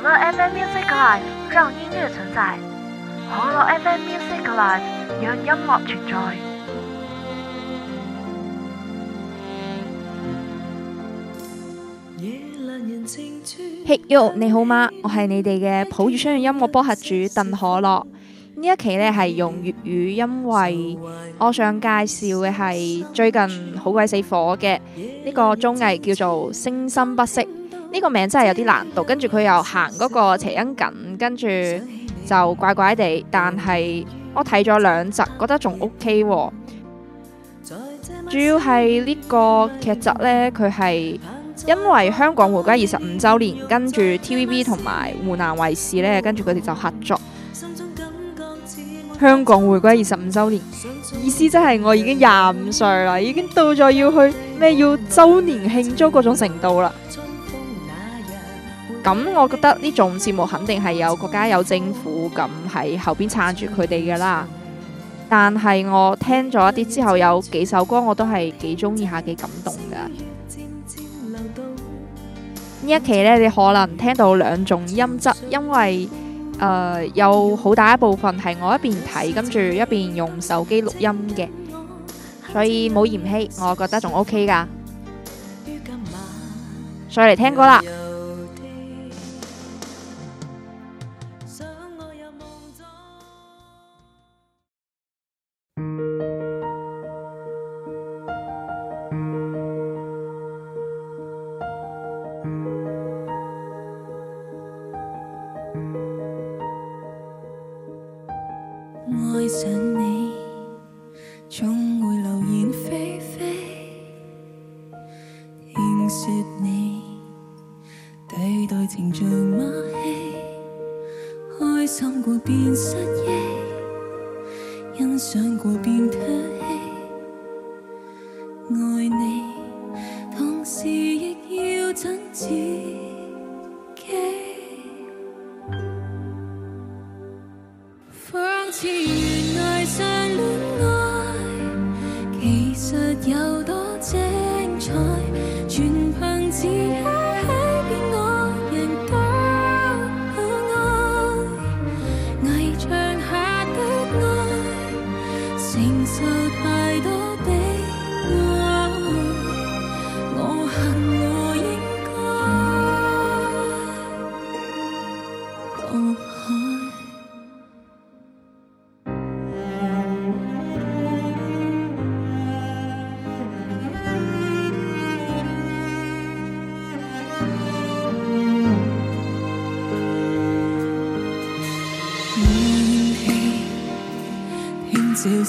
可樂 FM Music Live 讓音樂存在，可樂 FM Music Live 讓音樂存在。嘿喲，你好嗎？我係你哋嘅普粵雙語音樂播客主鄧可樂。呢一期咧係用粵語，因為我想介紹嘅係最近好鬼死火嘅呢、呢個綜藝，叫做《聲生不息》。呢個名真係有啲難度，跟住佢又行嗰個諧音梗，跟住就怪怪地。但係我睇咗兩集，覺得仲 OK 喎。主要係呢個劇集呢，佢係因為香港回歸二十五週年，跟住 TVB 同埋湖南衛視呢，跟住佢哋就合作香港回歸二十五週年。意思即係我已經廿五歲啦，已經到咗要去咩要周年慶祝嗰種程度啦。咁我覺得呢種節目肯定係有國家有政府咁喺後邊撐住佢哋噶啦，但係我聽咗一啲之後有幾首歌我都係幾中意下，幾感動噶。呢一期呢，你可能聽到兩種音質，因為誒有好大一部分係我一邊睇，跟住一邊用手機錄音嘅，所以冇嫌棄，我覺得仲 ok 噶。再嚟聽歌啦！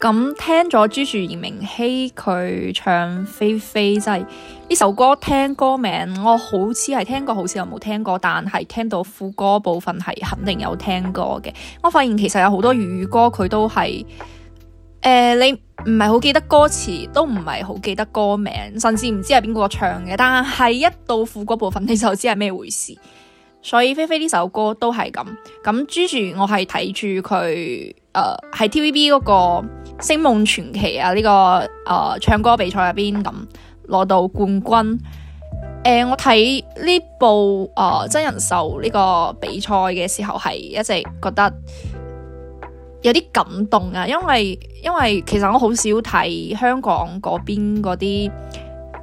咁、嗯、聽咗朱住炎明熹，佢唱《蜚蜚》，即係呢首歌。聽歌名我好似係聽過，好似又冇聽過，但係聽到副歌部分係肯定有聽過嘅。我發現其實有好多粵語，語歌，佢都係誒、呃，你唔係好記得歌詞，都唔係好記得歌名，甚至唔知係邊個唱嘅。但係一到副歌部分，你就知係咩回事。所以《蜚蜚》呢首歌都係咁。咁朱住我係睇住佢。誒喺 TVB 嗰個《星夢傳奇》啊、這、呢個誒、呃、唱歌比賽入邊咁攞到冠軍。誒、呃、我睇呢部誒、呃、真人秀呢個比賽嘅時候係一直覺得有啲感動啊，因為因為其實我好少睇香港嗰邊嗰啲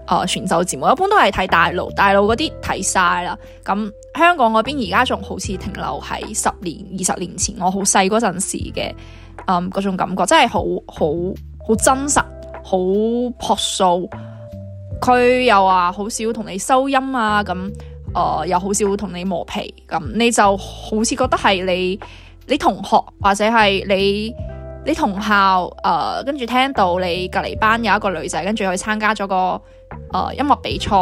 誒選秀節目，一般都係睇大陸，大陸嗰啲睇晒啦，咁。香港嗰邊而家仲好似停留喺十年、二十年前，我好細嗰陣時嘅，嗯嗰種感覺真係好好好真實、好樸素。佢又話好少同你收音啊，咁，誒、呃、又好少同你磨皮，咁你就好似覺得係你你同學或者係你。你同校，誒跟住聽到你隔離班有一個女仔，跟住去參加咗個誒、呃、音樂比賽。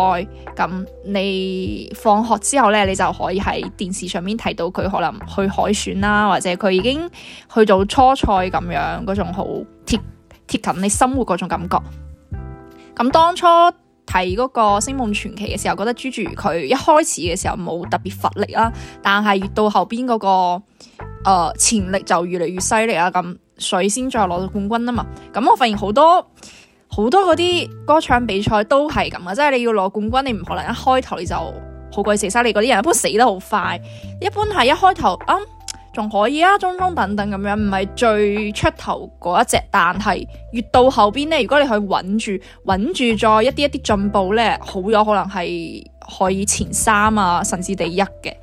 咁你放學之後咧，你就可以喺電視上面睇到佢可能去海選啦，或者佢已經去到初賽咁樣，嗰種好貼貼近你生活嗰種感覺。咁當初睇嗰個《聲夢傳奇》嘅時候，覺得 Gigi 佢一開始嘅時候冇特別乏力啦，但係越到後邊嗰、那個誒、呃、潛力就越嚟越犀利啊！咁水先再攞到冠軍啊嘛，咁我發現好多好多嗰啲歌唱比賽都係咁啊，即係你要攞冠軍，你唔可能一開頭你就好鬼死犀利，嗰啲人，一般死得好快，一般係一開頭啱仲可以啊，中中等等咁樣，唔係最出頭嗰一隻，但係越到後邊呢，如果你去穩住穩住，再一啲一啲進步呢，好有可能係可以前三啊，甚至第一嘅。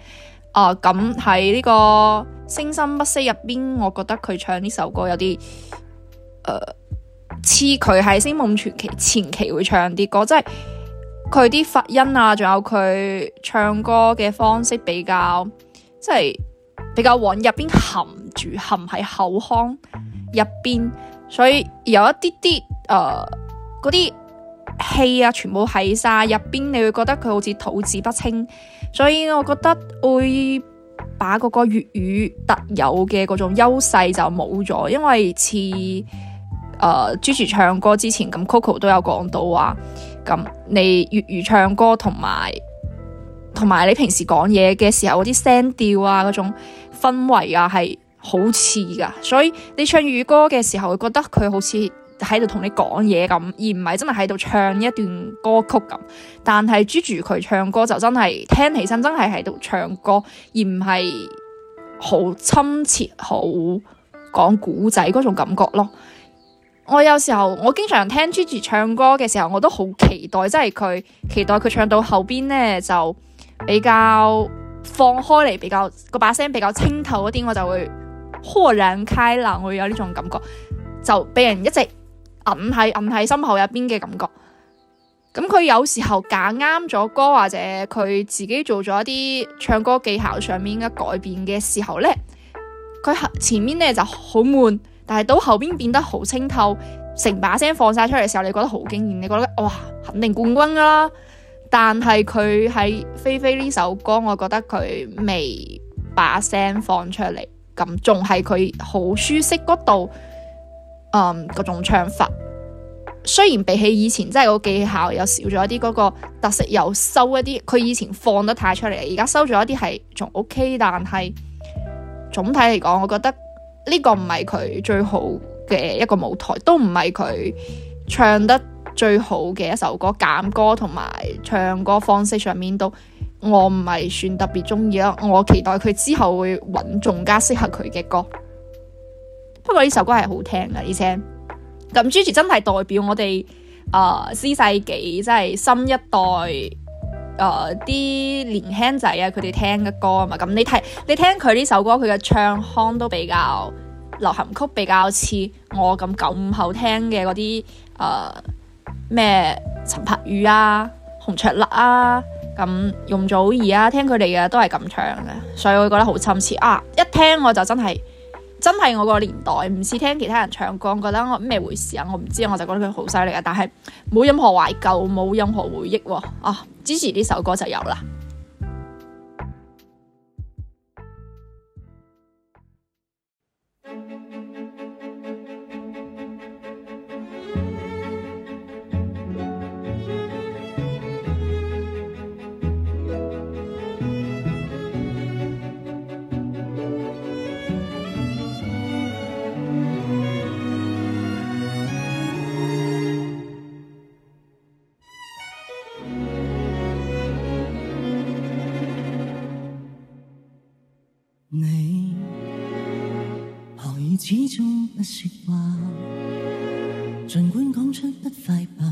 啊，咁喺呢個《聲生不息》入邊，我覺得佢唱呢首歌有啲，誒、呃，似佢喺《星夢傳奇》前期會唱啲歌，即係佢啲發音啊，仲有佢唱歌嘅方式比較，即係比較往入邊含住，含喺口腔入邊，所以有一啲啲誒，嗰啲氣啊，全部喺晒入邊，你會覺得佢好似吐字不清。所以，我覺得會把嗰個粵語特有嘅嗰種優勢就冇咗，因為似誒 Gigi 唱歌之前咁，Coco 都有講到話咁你粵語唱歌同埋同埋你平時講嘢嘅時候嗰啲聲調啊，嗰種氛圍啊，係好似㗎，所以你唱粵語歌嘅時候，會覺得佢好似。喺度同你講嘢咁，而唔係真係喺度唱一段歌曲咁。但係朱 i 佢唱歌就真係聽起身，真係喺度唱歌，而唔係好親切、好講古仔嗰種感覺咯。我有時候我經常聽朱 i, i 唱歌嘅時候，我都好期待，即係佢期待佢唱到後邊呢，就比較放開嚟，比較個把聲比較清透一啲，我就會豁然開朗，會有呢種感覺，就俾人一直。暗喺暗喺心口入邊嘅感覺，咁佢有時候揀啱咗歌或者佢自己做咗一啲唱歌技巧上面嘅改變嘅時候呢，佢前面呢就好悶，但係到後邊變得好清透，成把聲放晒出嚟嘅時候，你覺得好驚艷，你覺得哇，肯定冠軍啦！但係佢喺蜚蜚呢首歌，我覺得佢未把聲放出嚟，咁仲係佢好舒適嗰度。嗯，嗰、um, 種唱法，雖然比起以前真係個技巧又少咗一啲，嗰、嗰個特色又收一啲，佢以前放得太出嚟，而家收咗一啲係仲 OK，但係總體嚟講，我覺得呢個唔係佢最好嘅一個舞台，都唔係佢唱得最好嘅一首歌，剪歌同埋唱歌方式上面都我唔係算特別鍾意咯，我期待佢之後會揾仲加適合佢嘅歌。不過呢首歌係好聽噶而且咁 Gigi 真係代表我哋啊，新、呃、世紀即係新一代誒啲、呃、年輕仔啊，佢哋聽嘅歌啊嘛。咁你睇，你聽佢呢首歌，佢嘅唱腔都比較流行曲，比較似我咁九五後聽嘅嗰啲誒咩陳柏宇啊、洪卓立啊、咁容祖兒啊，聽佢哋嘅都係咁唱嘅，所以我會覺得好親切啊！一聽我就真係。真係我個年代，唔似聽其他人唱歌，我覺得咩回事啊！我唔知，啊，我就覺得佢好犀利啊！但係冇任何懷舊，冇任何回憶喎，啊。啊，支持呢首歌就有啦。你何以始終不說話？儘管講出不快吧。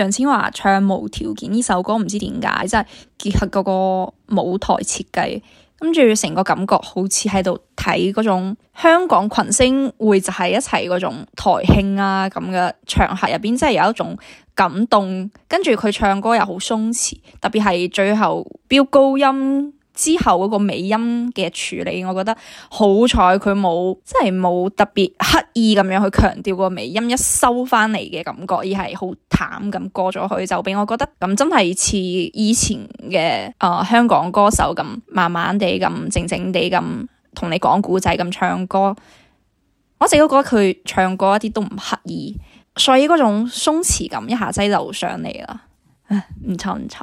楊千嬅唱《無條件》呢首歌，唔知點解，即係結合嗰個舞台設計，跟住成個感覺好似喺度睇嗰種香港群星匯集喺一齊嗰種台慶啊咁嘅場合入邊，真係有一種感動。跟住佢唱歌又好鬆弛，特別係最後飆高音。之後嗰個尾音嘅處理，我覺得好彩佢冇即係冇特別刻意咁樣去強調個尾音一收翻嚟嘅感覺，而係好淡咁過咗去，就俾我覺得咁真係似以前嘅啊、呃、香港歌手咁，慢慢地咁靜靜地咁同你講故仔咁唱歌。我成日都覺得佢唱歌一啲都唔刻意，所以嗰種鬆弛感一下子就上嚟啦。唉，唔錯唔錯。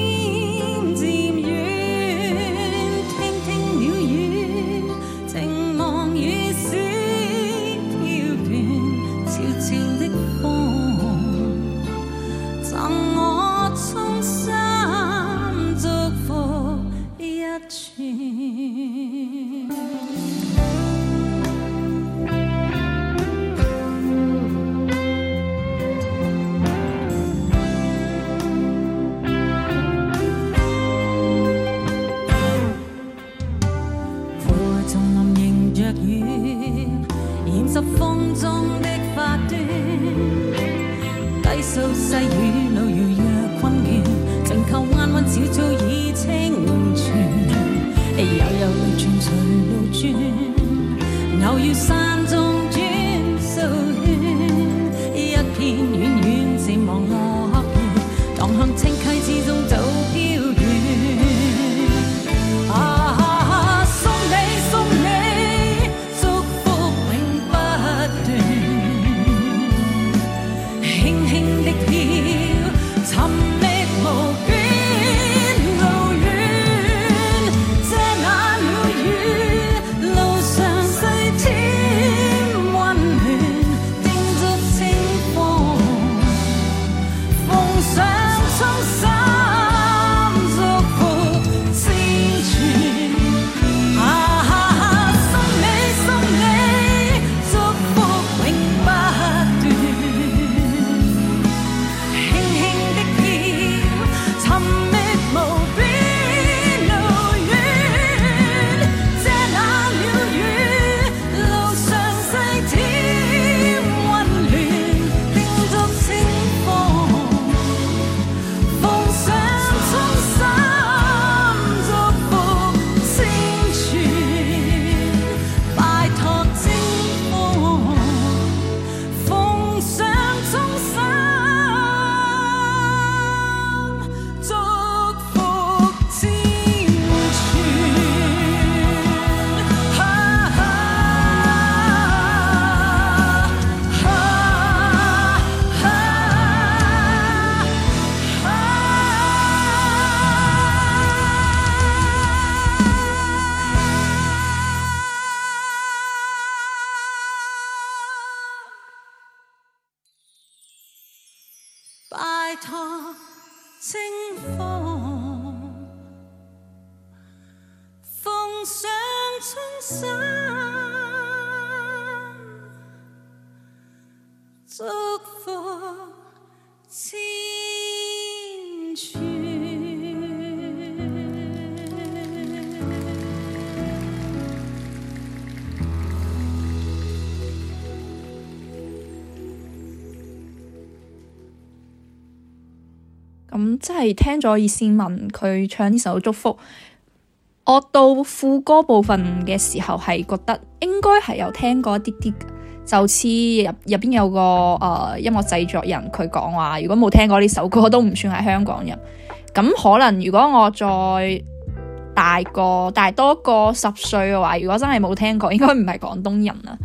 即係聽咗葉蒨文佢唱呢首祝福，我到副歌部分嘅時候，係覺得應該係有聽過一啲啲。就似入入邊有個誒、呃、音樂製作人佢講話，如果冇聽過呢首歌，都唔算係香港人。咁可能如果我再大個，大多過十歲嘅話，如果真係冇聽過，應該唔係廣東人啦。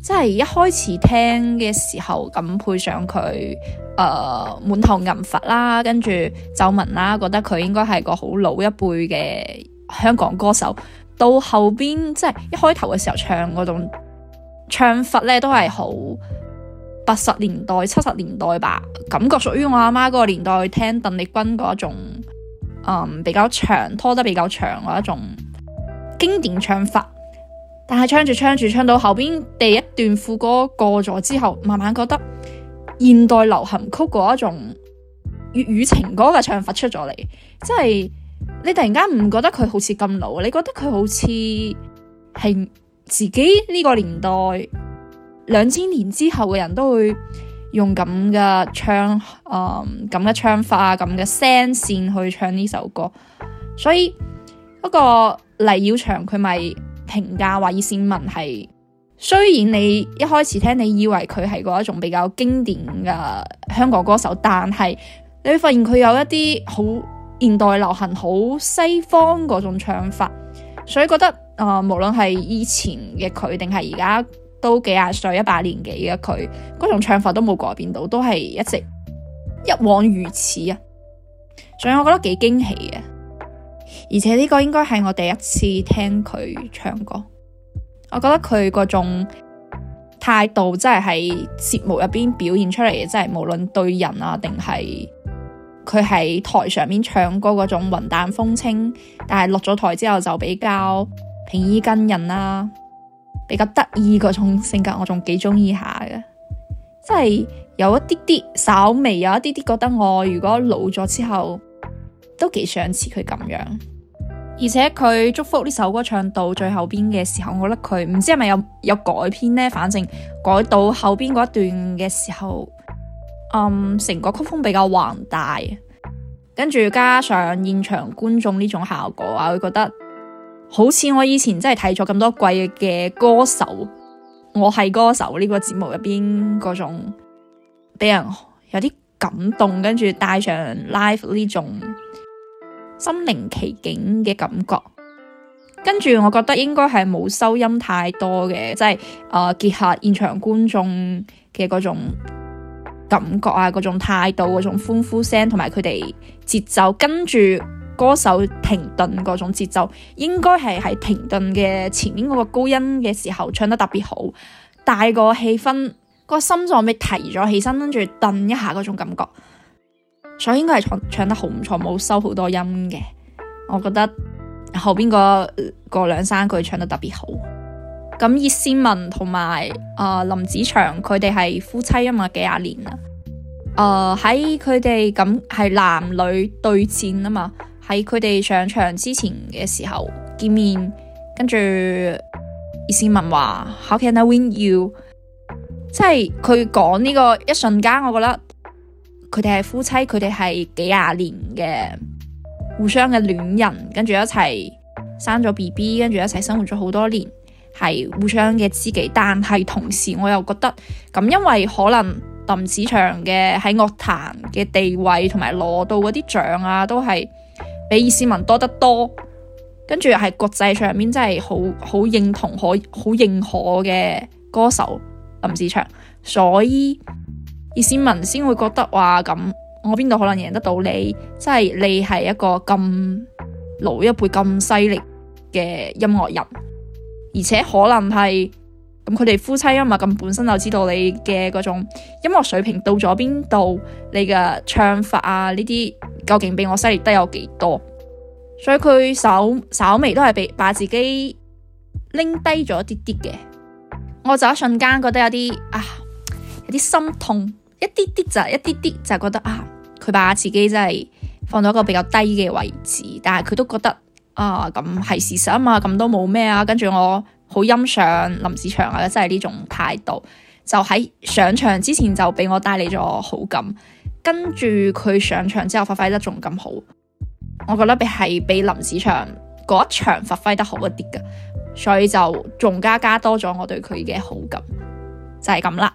即係一開始聽嘅時候，咁配上佢。誒，滿、呃、頭銀髮啦，跟住皺紋啦，覺得佢應該係個好老一輩嘅香港歌手。到後邊即係一開頭嘅時候唱嗰種唱法咧，都係好八十年代、七十年代吧，感覺屬於我阿媽嗰個年代聽鄧麗君嗰一種，嗯，比較長拖得比較長嘅一種經典唱法。但係唱住唱住唱，唱到後邊第一段副歌過咗之後，慢慢覺得。現代流行曲嗰一種粵語情歌嘅唱法出咗嚟，即係你突然間唔覺得佢好似咁老，你覺得佢好似係自己呢個年代兩千年之後嘅人都會用咁嘅唱，誒咁嘅唱法啊，咁嘅聲線去唱呢首歌，所以嗰個黎耀祥佢咪評價話葉蒨文係。雖然你一開始聽，你以為佢係嗰一種比較經典嘅香港歌手，但係你會發現佢有一啲好現代流行、好西方嗰種唱法，所以覺得啊、呃，無論係以前嘅佢，定係而家都幾廿歲一把年紀嘅佢，嗰種唱法都冇改變到，都係一直一往如此啊！所以我覺得幾驚喜嘅，而且呢個應該係我第一次聽佢唱歌。我覺得佢嗰種態度，真係喺節目入邊表現出嚟嘅，真係無論對人啊，定係佢喺台上面唱歌嗰種雲淡風輕，但係落咗台之後就比較平易近人啦，啊，比較得意嗰種性格我，我仲幾中意下嘅，即係有一啲啲，稍微有一啲啲覺得我如果老咗之後，都幾想似佢咁樣。而且佢《祝福》呢首歌唱到最後邊嘅時候，我覺得佢唔知係咪有有改編呢？反正改到後邊嗰一段嘅時候，嗯，成個曲風比較宏大，跟住加上現場觀眾呢種效果啊，會覺得好似我以前真係睇咗咁多季嘅《歌手》，我係歌手呢個節目入邊嗰種俾人有啲感動，跟住帶上 live 呢種。身臨其境嘅感覺，跟住我覺得應該係冇收音太多嘅，即係誒、呃、結合現場觀眾嘅嗰種感覺啊，嗰種態度，嗰種歡呼聲，同埋佢哋節奏，跟住歌手停頓嗰種節奏，應該係喺停頓嘅前面嗰個高音嘅時候唱得特別好，大個氣氛，個心臟咪提咗起身，跟住頓一下嗰種感覺。所以應該係唱唱得好唔錯，冇收好多音嘅。我覺得後邊嗰兩三句唱得特別好。咁葉倩文同埋、呃、林子祥佢哋係夫妻啊嘛，幾廿年啦。誒喺佢哋咁係男女對戰啊嘛，喺佢哋上場之前嘅時候見面，跟住葉倩文話 How can I win you？即係佢講呢個一瞬間，我覺得。佢哋係夫妻，佢哋係幾廿年嘅互相嘅戀人，跟住一齊生咗 B B，跟住一齊生活咗好多年，係互相嘅知己。但係同時，我又覺得咁，因為可能林子祥嘅喺樂壇嘅地位，同埋攞到嗰啲獎啊，都係比葉蒨文多得多。跟住係國際上面真係好好認同可、可好認可嘅歌手林子祥，所以。葉蒨文先會覺得話咁，我邊度可能贏得到你？即係你係一個咁老一輩咁犀利嘅音樂人，而且可能係咁佢哋夫妻啊嘛，咁本身就知道你嘅嗰種音樂水平到咗邊度，你嘅唱法啊呢啲究竟比我犀利得有幾多？所以佢稍稍微都係被把自己拎低咗啲啲嘅，我就一瞬間覺得有啲啊，有啲心痛。一啲啲就一啲啲就覺得啊，佢把自己真係放到一個比較低嘅位置，但係佢都覺得啊咁係事實啊嘛，咁都冇咩啊。跟住我好欣賞林子祥啊，即係呢種態度，就喺上場之前就俾我帶嚟咗好感。跟住佢上場之後發揮得仲咁好，我覺得比係比林子祥嗰場發揮得好一啲噶，所以就仲加加多咗我對佢嘅好感，就係咁啦。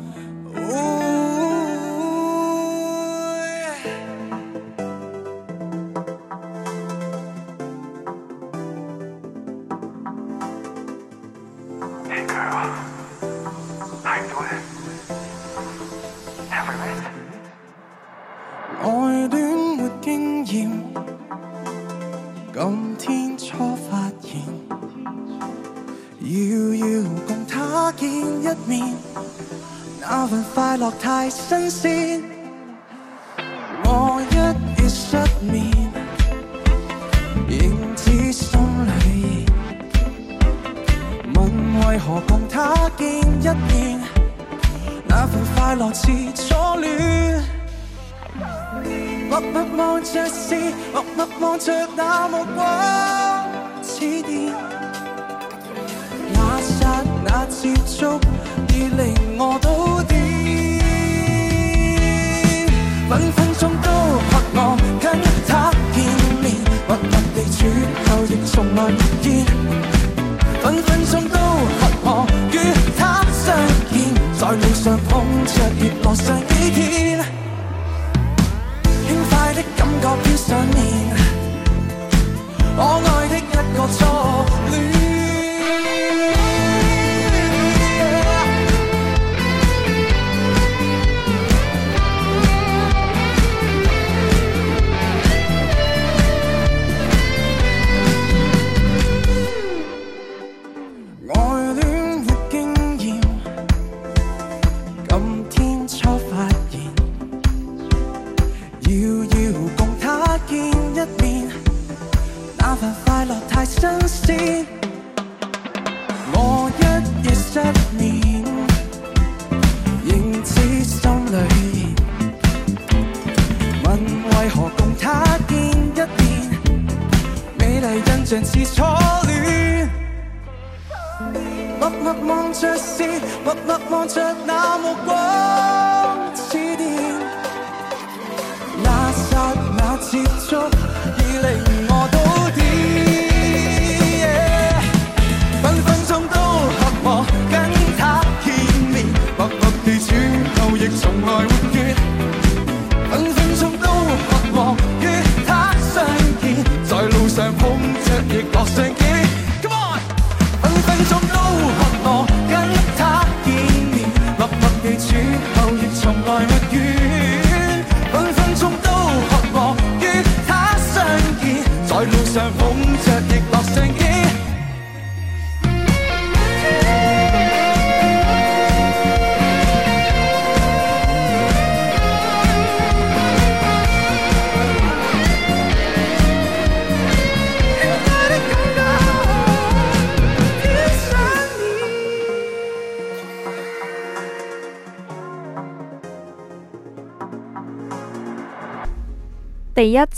難見，分分鐘都渴望與他相見，在路上碰著跌落上幾天，輕快的感覺飄上面。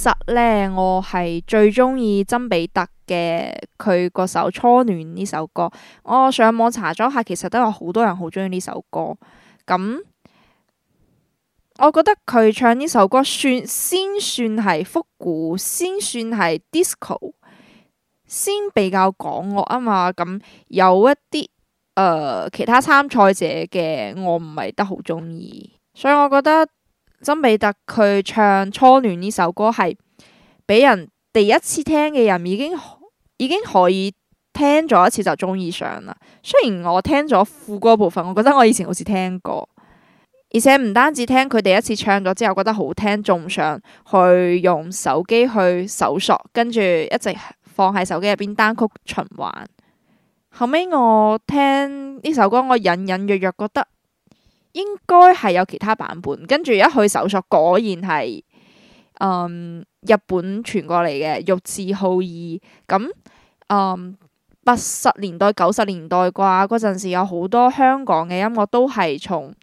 實呢，我係最中意曾比特嘅佢嗰首《初戀》呢首歌。我上網查咗下，其實都有好多人好中意呢首歌。咁我覺得佢唱呢首歌算先，先算係復古，先算係 disco，先比較廣樂啊嘛。咁有一啲誒、呃、其他參賽者嘅，我唔係得好中意，所以我覺得。曾比特佢唱《初戀》呢首歌，係俾人第一次聽嘅人已經已經可以聽咗一次就中意上啦。雖然我聽咗副歌部分，我覺得我以前好似聽過，而且唔單止聽佢第一次唱咗之後覺得好聽，仲想去用手機去搜索，跟住一直放喺手機入邊單曲循環。後尾我聽呢首歌，我隱隱約約覺得。應該係有其他版本，跟住一去搜索，果然係嗯日本傳過嚟嘅玉置浩二。咁嗯八十年代、九十年代啩嗰陣時，有好多香港嘅音樂都係從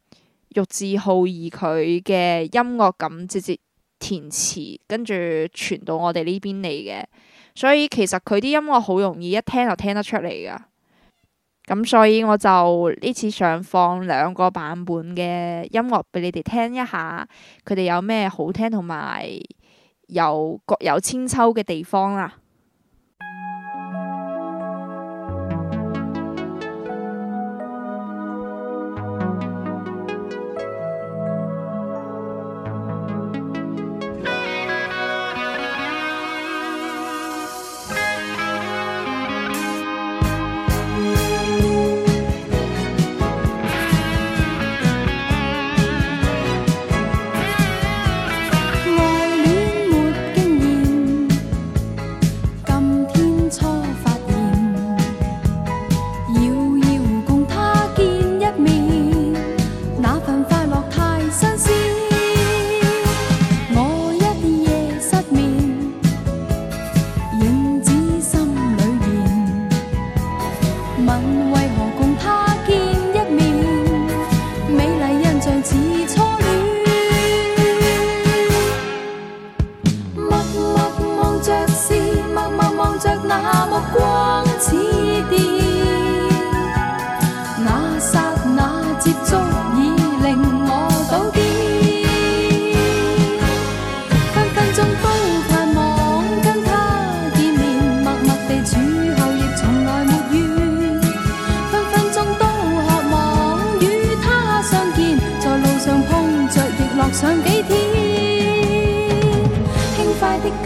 玉置浩二佢嘅音樂咁直接填詞，跟住傳到我哋呢邊嚟嘅。所以其實佢啲音樂好容易一聽就聽得出嚟㗎。咁、嗯、所以我就呢次想放兩個版本嘅音樂俾你哋聽一下，佢哋有咩好聽同埋有各有千秋嘅地方啦、啊。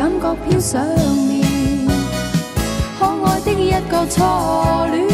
感覺飄上面，可愛的一個初戀。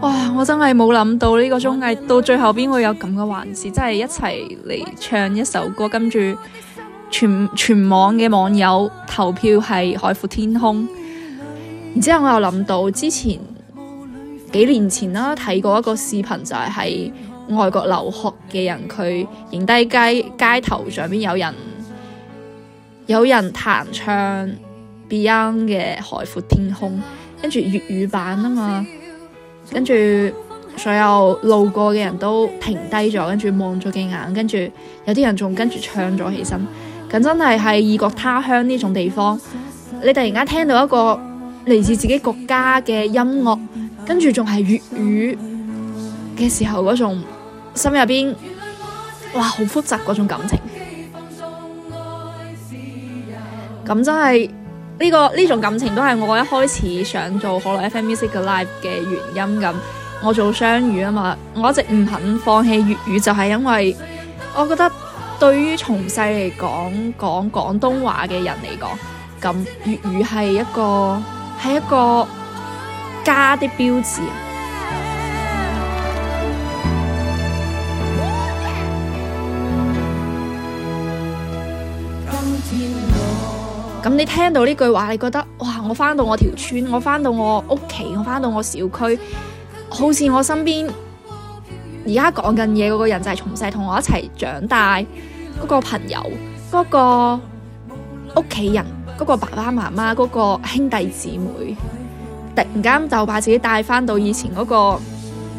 哇！我真係冇諗到呢個綜藝到最後邊會有咁嘅環節，真係一齊嚟唱一首歌，跟住全全網嘅網友投票係《海闊天空》。然之後我又諗到之前幾年前啦，睇過一個視頻，就係喺外國留學嘅人，佢影低街街頭上邊有人有人彈唱 Beyond 嘅《海闊天空》。跟住粵語版吖嘛，跟住所有路過嘅人都停低咗，跟住望咗幾眼，跟住有啲人仲跟住唱咗起身。咁真係係異國他鄉呢種地方，你突然間聽到一個嚟自自己國家嘅音樂，跟住仲係粵語嘅時候，嗰種心入邊，哇，好複雜嗰種感情。咁真係。呢、呢個呢種感情都係我一開始想做可樂 FM music live 嘅原因咁，我做雙語啊嘛，我一直唔肯放棄粵語就係因為我覺得對於從細嚟講講廣東話嘅人嚟講，咁粵語係一個係一個家的標誌。咁你聽到呢句話，你覺得哇！我返到我條村，我返到我屋企，我返到我小區，好似我身邊而家講緊嘢嗰個人就係從細同我一齊長大嗰個朋友、嗰個屋企人、嗰個爸爸媽媽、嗰個兄弟姐妹，突然間就把自己帶返到以前嗰個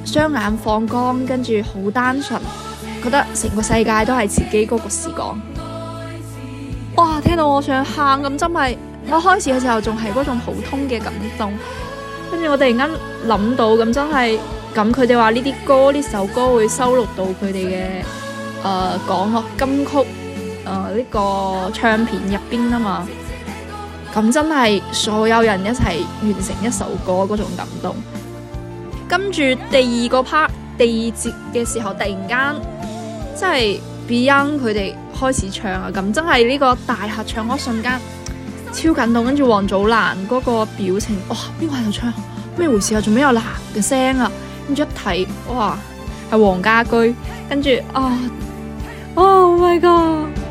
雙眼放光，跟住好單純，覺得成個世界都係自己嗰個時光。哇！聽到我想喊咁，真係我、啊、開始嘅時候仲係嗰種普通嘅感動，跟住我突然間諗到咁，真係咁，佢哋話呢啲歌、呢首歌會收錄到佢哋嘅誒港樂金曲誒呢、呃這個唱片入邊啊嘛，咁真係所有人一齊完成一首歌嗰種感動。跟住第二個 part 第二節嘅時候，突然間真係。Beyond 佢哋開始唱啊，咁真係呢個大合唱嗰瞬間超感動，跟住王祖藍嗰個表情，哇邊個喺度唱？咩回事啊？仲咩有男嘅聲啊？跟住一睇，哇係黃家駒，跟住啊 Oh my God！